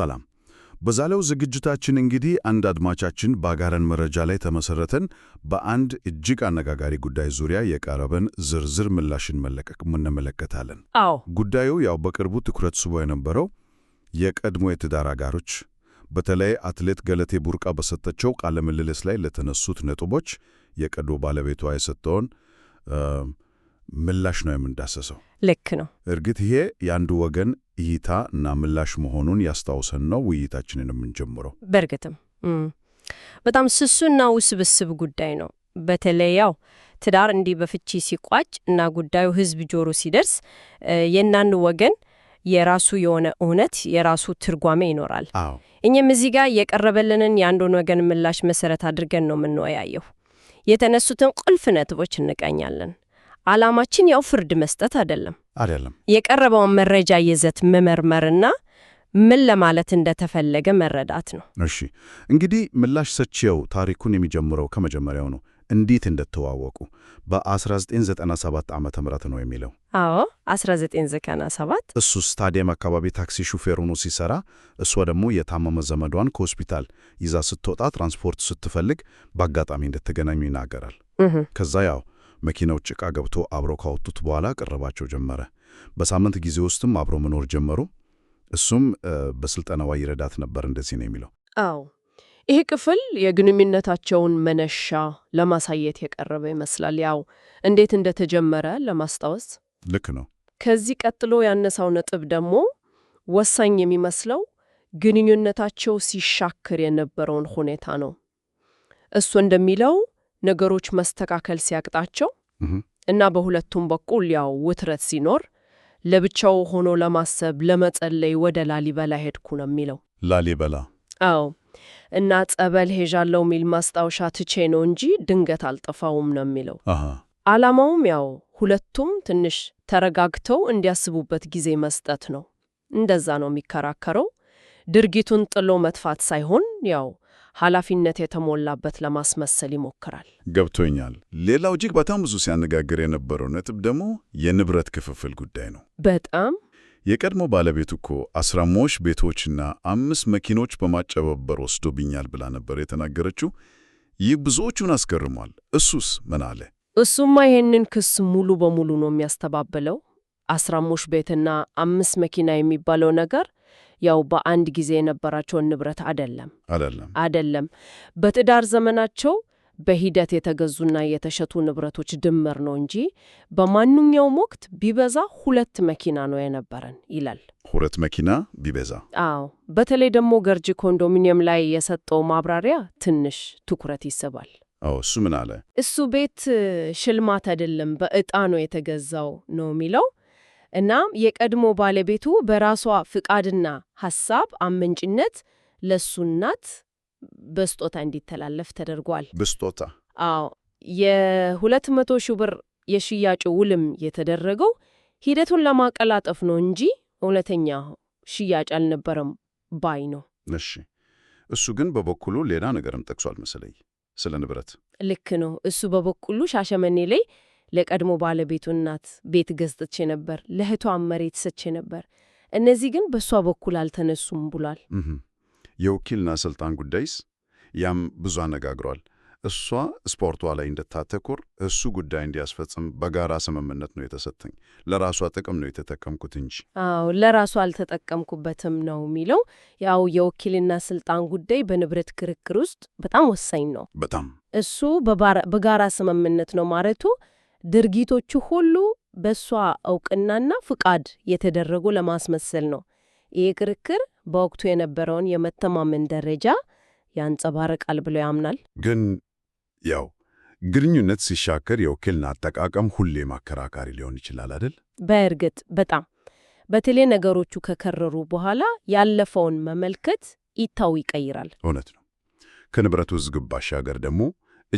ሰላም። በዛሬው ዝግጅታችን እንግዲህ አንድ አድማጫችን ባጋረን መረጃ ላይ ተመሰረተን በአንድ እጅግ አነጋጋሪ ጉዳይ ዙሪያ የቀረበን ዝርዝር ምላሽን መለቀቅ እንመለከታለን። አዎ ጉዳዩ ያው በቅርቡ ትኩረት ስቦ የነበረው የቀድሞ የትዳር አጋሮች በተለይ አትሌት ገለቴ ቡርቃ በሰጠችው ቃለ ምልልስ ላይ ለተነሱት ነጥቦች የቀድሞ ባለቤቷ የሰጠውን ምላሽ ነው የምንዳሰሰው። ልክ ነው። እርግጥ ይሄ የአንዱ ወገን እይታ እና ምላሽ መሆኑን ያስታውሰን ነው ውይይታችንን የምንጀምረው። በእርግጥም በጣም ስሱና ውስብስብ ጉዳይ ነው። በተለይ ያው ትዳር እንዲህ በፍቺ ሲቋጭ እና ጉዳዩ ህዝብ ጆሮ ሲደርስ የእናንድ ወገን የራሱ የሆነ እውነት የራሱ ትርጓሜ ይኖራል። እኛም እዚህ ጋር የቀረበልንን የአንዱን ወገን ምላሽ መሰረት አድርገን ነው የምንወያየው። የተነሱትን ቁልፍ ነጥቦች እንቀኛለን። ዓላማችን ያው ፍርድ መስጠት አይደለም አይደለም። የቀረበውን መረጃ ይዘት መመርመርና ምን ለማለት እንደተፈለገ መረዳት ነው። እሺ እንግዲህ ምላሽ ሰጪው ታሪኩን የሚጀምረው ከመጀመሪያው ነው። እንዴት እንደተዋወቁ በ1997 ዓ ም ነው የሚለው። አዎ 1997። እሱ ስታዲየም አካባቢ ታክሲ ሹፌር ሆኖ ሲሰራ፣ እሷ ደግሞ የታመመ ዘመዷን ከሆስፒታል ይዛ ስትወጣ ትራንስፖርት ስትፈልግ በአጋጣሚ እንደተገናኙ ይናገራል። ከዛ ያው መኪናው ጭቃ ገብቶ አብሮ ካወጡት በኋላ ቀረባቸው ጀመረ። በሳምንት ጊዜ ውስጥም አብሮ መኖር ጀመሩ። እሱም በስልጠናዋ ይረዳት ነበር። እንደዚህ ነው የሚለው። አዎ ይሄ ክፍል የግንኙነታቸውን መነሻ ለማሳየት የቀረበ ይመስላል። ያው እንዴት እንደተጀመረ ለማስታወስ ልክ ነው። ከዚህ ቀጥሎ ያነሳው ነጥብ ደግሞ ወሳኝ የሚመስለው ግንኙነታቸው ሲሻክር የነበረውን ሁኔታ ነው። እሱ እንደሚለው ነገሮች መስተካከል ሲያቅጣቸው እና በሁለቱም በኩል ያው ውጥረት ሲኖር ለብቻው ሆኖ ለማሰብ ለመጸለይ ወደ ላሊበላ ሄድኩ ነው የሚለው። ላሊበላ አዎ። እና ጸበል ሄዣለው የሚል ማስታወሻ ትቼ ነው እንጂ ድንገት አልጠፋውም ነው የሚለው። ዓላማውም ያው ሁለቱም ትንሽ ተረጋግተው እንዲያስቡበት ጊዜ መስጠት ነው። እንደዛ ነው የሚከራከረው። ድርጊቱን ጥሎ መጥፋት ሳይሆን ያው ኃላፊነት የተሞላበት ለማስመሰል ይሞክራል። ገብቶኛል። ሌላው እጅግ በጣም ብዙ ሲያነጋግር የነበረው ነጥብ ደግሞ የንብረት ክፍፍል ጉዳይ ነው። በጣም የቀድሞ ባለቤት እኮ አስራሞሽ ቤቶችና አምስት መኪኖች በማጨበበር ወስዶብኛል ብላ ነበር የተናገረችው። ይህ ብዙዎቹን አስገርሟል። እሱስ ምን አለ? እሱማ ይህንን ክስ ሙሉ በሙሉ ነው የሚያስተባብለው። አስራሞሽ ቤትና አምስት መኪና የሚባለው ነገር ያው በአንድ ጊዜ የነበራቸውን ንብረት አደለም አደለም አደለም በትዳር ዘመናቸው በሂደት የተገዙና የተሸጡ ንብረቶች ድምር ነው እንጂ በማንኛውም ወቅት ቢበዛ ሁለት መኪና ነው የነበረን ይላል። ሁለት መኪና ቢበዛ። አዎ። በተለይ ደግሞ ገርጂ ኮንዶሚኒየም ላይ የሰጠው ማብራሪያ ትንሽ ትኩረት ይስባል። አዎ። እሱ ምን አለ? እሱ ቤት ሽልማት አይደለም በእጣ ነው የተገዛው ነው የሚለው እናም የቀድሞ ባለቤቱ በራሷ ፍቃድና ሐሳብ አመንጭነት ለሱ እናት በስጦታ እንዲተላለፍ ተደርጓል። በስጦታ አዎ። የ200 ሺህ ብር የሽያጩ ውልም የተደረገው ሂደቱን ለማቀላጠፍ ነው እንጂ እውነተኛ ሽያጭ አልነበረም ባይ ነው። እሺ፣ እሱ ግን በበኩሉ ሌላ ነገርም ጠቅሷል መሰለኝ ስለ ንብረት። ልክ ነው። እሱ በበኩሉ ሻሸመኔ ላይ ለቀድሞ ባለቤቱ እናት ቤት ገዝጥቼ ነበር፣ ለእህቷ መሬት ሰጥቼ ነበር፣ እነዚህ ግን በእሷ በኩል አልተነሱም ብሏል። የውክልና ስልጣን ጉዳይስ ያም ብዙ አነጋግሯል። እሷ ስፖርቷ ላይ እንድታተኩር እሱ ጉዳይ እንዲያስፈጽም በጋራ ስምምነት ነው የተሰጠኝ። ለራሷ ጥቅም ነው የተጠቀምኩት እንጂ አዎ ለራሷ አልተጠቀምኩበትም ነው የሚለው። ያው የውክልና ስልጣን ጉዳይ በንብረት ክርክር ውስጥ በጣም ወሳኝ ነው። በጣም እሱ በጋራ ስምምነት ነው ማለቱ ድርጊቶቹ ሁሉ በእሷ እውቅናና ፍቃድ የተደረጉ ለማስመሰል ነው። ይህ ክርክር በወቅቱ የነበረውን የመተማመን ደረጃ ያንጸባርቃል ብሎ ያምናል። ግን ያው ግንኙነት ሲሻከር የውክልና አጠቃቀም ሁሌ ማከራካሪ ሊሆን ይችላል አይደል? በእርግጥ በጣም በተለይ ነገሮቹ ከከረሩ በኋላ ያለፈውን መመልከት ኢታው ይቀይራል። እውነት ነው። ከንብረቱ ውዝግብ ባሻገር ደግሞ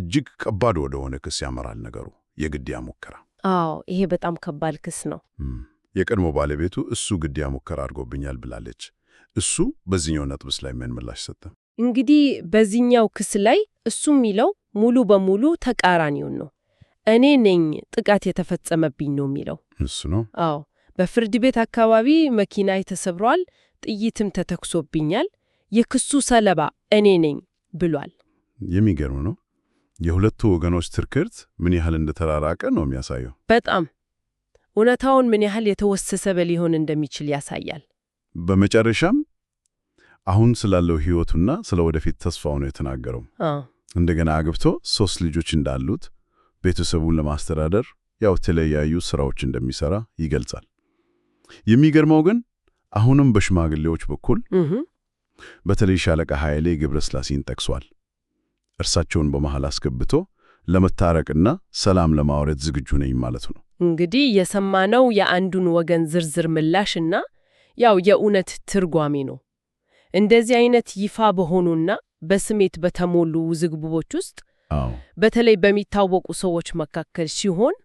እጅግ ከባድ ወደሆነ ክስ ያመራል ነገሩ። የግድያ ሙከራ። አዎ ይሄ በጣም ከባድ ክስ ነው። የቀድሞ ባለቤቱ እሱ ግድያ ሙከራ አድርጎብኛል ብላለች። እሱ በዚህኛው ነጥብስ ላይ ምን ምላሽ ሰጠ? እንግዲህ በዚህኛው ክስ ላይ እሱ የሚለው ሙሉ በሙሉ ተቃራኒውን ነው። እኔ ነኝ ጥቃት የተፈጸመብኝ ነው የሚለው እሱ ነው። አዎ በፍርድ ቤት አካባቢ መኪና ተሰብሯል፣ ጥይትም ተተኩሶብኛል፣ የክሱ ሰለባ እኔ ነኝ ብሏል። የሚገርም ነው። የሁለቱ ወገኖች ትርክርት ምን ያህል እንደተራራቀ ነው የሚያሳየው። በጣም እውነታውን ምን ያህል የተወሰሰበ ሊሆን እንደሚችል ያሳያል። በመጨረሻም አሁን ስላለው ሕይወቱና ስለ ወደፊት ተስፋው ነው የተናገረው። እንደገና አግብቶ ሶስት ልጆች እንዳሉት ቤተሰቡን ለማስተዳደር ያው የተለያዩ ስራዎች እንደሚሰራ ይገልጻል። የሚገርመው ግን አሁንም በሽማግሌዎች በኩል በተለይ ሻለቃ ኃይሌ ገብረስላሴን ጠቅሷል። እርሳቸውን በመሃል አስገብቶ ለመታረቅና ሰላም ለማውረድ ዝግጁ ነኝ ማለቱ ነው። እንግዲህ የሰማነው የአንዱን ወገን ዝርዝር ምላሽና ያው የእውነት ትርጓሜ ነው። እንደዚህ አይነት ይፋ በሆኑና በስሜት በተሞሉ ውዝግቦች ውስጥ በተለይ በሚታወቁ ሰዎች መካከል ሲሆን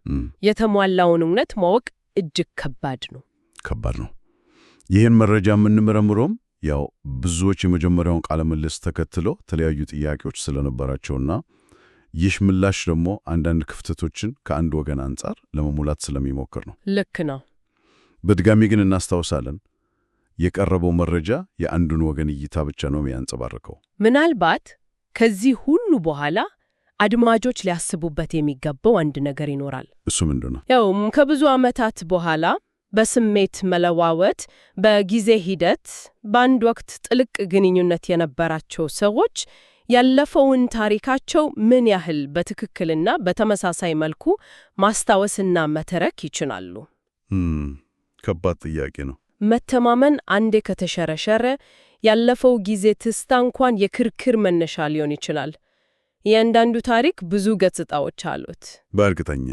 የተሟላውን እውነት ማወቅ እጅግ ከባድ ነው ከባድ ነው። ይህን መረጃ የምንመረምረውም ያው ብዙዎች የመጀመሪያውን ቃለ ምልልስ ተከትሎ የተለያዩ ጥያቄዎች ስለነበራቸውና ይህ ምላሽ ደግሞ አንዳንድ ክፍተቶችን ከአንድ ወገን አንጻር ለመሙላት ስለሚሞክር ነው። ልክ ነው። በድጋሚ ግን እናስታውሳለን፣ የቀረበው መረጃ የአንዱን ወገን እይታ ብቻ ነው የሚያንጸባርቀው። ምናልባት ከዚህ ሁሉ በኋላ አድማጆች ሊያስቡበት የሚገባው አንድ ነገር ይኖራል። እሱ ምንድን ነው? ያው ከብዙ ዓመታት በኋላ በስሜት መለዋወጥ በጊዜ ሂደት በአንድ ወቅት ጥልቅ ግንኙነት የነበራቸው ሰዎች ያለፈውን ታሪካቸው ምን ያህል በትክክልና በተመሳሳይ መልኩ ማስታወስና መተረክ ይችላሉ? ከባድ ጥያቄ ነው። መተማመን አንዴ ከተሸረሸረ ያለፈው ጊዜ ትስታ እንኳን የክርክር መነሻ ሊሆን ይችላል። እያንዳንዱ ታሪክ ብዙ ገጽታዎች አሉት። በእርግጠኛ